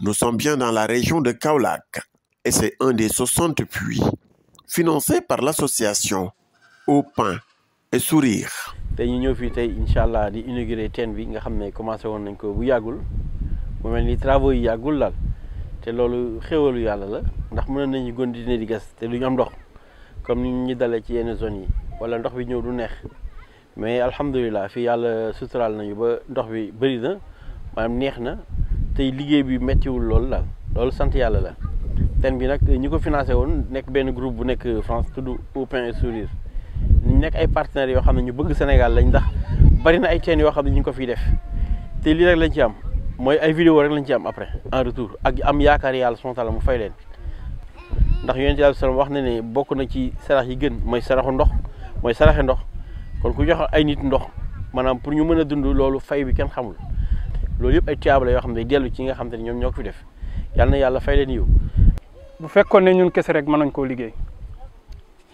Nous sommes bien dans la région de Kaolac et c'est un des 60 puits financés par l'association Au Pain et Sourire. dañuy ñëw fii tey incha allah di inaugurer teen bi nga xam ne commencé woon nañ ko bu yàggul mu mel ni travaux yi yàggul daal te loolu xéwalu yàlla la ndax mënoon nañu gën dina di gas te duñu am ndox comme ni ñu dalee ci yenn zones yi wala ndox bi ñëw du neex mais alhamdulilah fii yàlla suturaal nañu ba ndox bi bëri na maanaam neex na. tey liggéey bi méttiwul loolu la loolu sant yàlla la ten bi nag ñi ko financé woon nekk benn groupe bu nekk France tudd Au Pain et Sourire nekk ay partenaires yoo xam ne ñu bëgg Sénégal lañ ndax bari na ay chaînes yoo xam ne ñu ngi ko fiy def te lii rek lañ ci am mooy ay vidéo rek lañ ci am après en retour ak am yaakaar yàlla subhaanahu mu fay leen ndax yonent yàlla sallam wax na ne bokk na ci sarax yi gën mooy saraxu ndox mooy saraxe ndox kon ku jox ay nit ndox maanaam pour ñu mën a dund loolu fay bi kenn xamul loolu yëpp ay tuyaaba yoo xam ne dellu ci nga xam te ne ñoom ñoo ko fi def yàlla yàlla fay leen yiw bu fekkoon ne ñun kese rek mën nañ koo liggéey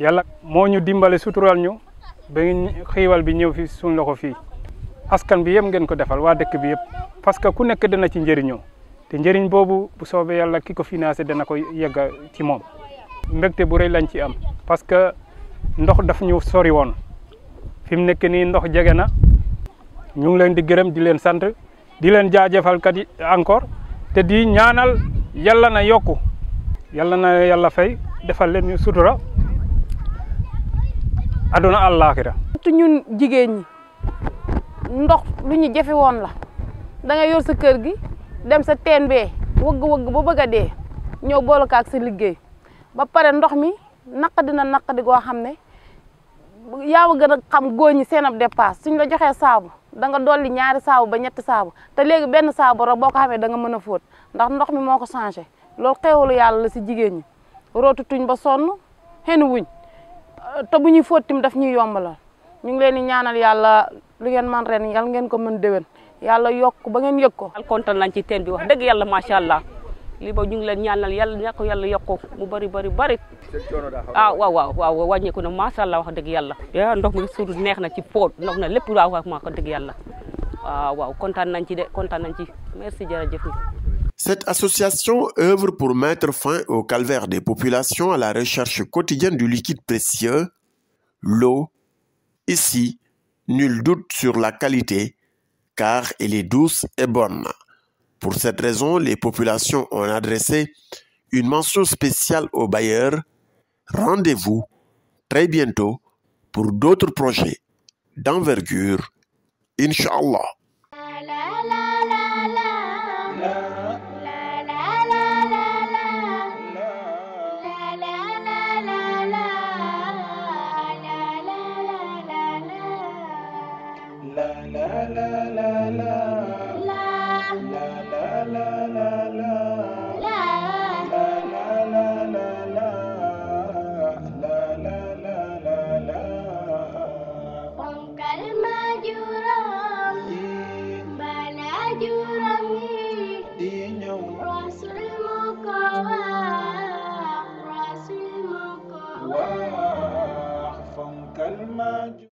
yàlla moo ñu dimbale sutural ñu ba xiiwal bi ñëw fi suñ loxo fii askan bi yëpp ngeen ko defal waa dëkk bi yëpp parce que ku nekk dana ci njëriñoo te njëriñ boobu bu soobee yàlla ki ko financé dana ko yegg ci moom mbégte bu rëy lañ ci am parce que ndox daf ñu sori woon fi mu nekk nii ndox jege na ñu ngi leen di gërëm di leen sant di leen jaajëfal kat yi encore te di ñaanal yalla na yokku yàlla na yàlla fay defal leen ñu sutura aduna àllaaxira ñun jigéen ñi ndox lu ñu jafe woon la da nga yor sa kër gi dem sa teen bee wëgg-wëgg ba bëgg a dee ñëw boolekaak sa liggéey ba pare ndox mi naq dina naq goo xam ne yaa ma gën a xam góor ñi seen ab dépasse suñ la joxee saabu da nga dolli ñaari saabu ba ñetti saabu te léegi benn saabu rek boo ko xamee da nga mën a fóot ndax mi moo ko changé loolu xeewalu yàlla la si jigéen ñi rootu tuñ ba sonn xenu wuñ ta bu ñuy fóot tamit daf ñuy yombalal ñu ngi leen di ñaanal yàlla lu ngeen man ren yal ngeen ko mën déwén yàlla yokk ba ngeen yëg ko. kontaan nañ ci teen bi wax dëgg yàlla macha allah. Cette association œuvre pour mettre fin au calvaire des populations à la recherche quotidienne du liquide précieux, l'eau. Ici, nul doute sur la qualité, car elle est douce et bonne. Pour cette raison, les populations ont adressé une mention spéciale au bailleur. Rendez-vous très bientôt pour d'autres projets d'envergure. Inch'Allah. لا لا لا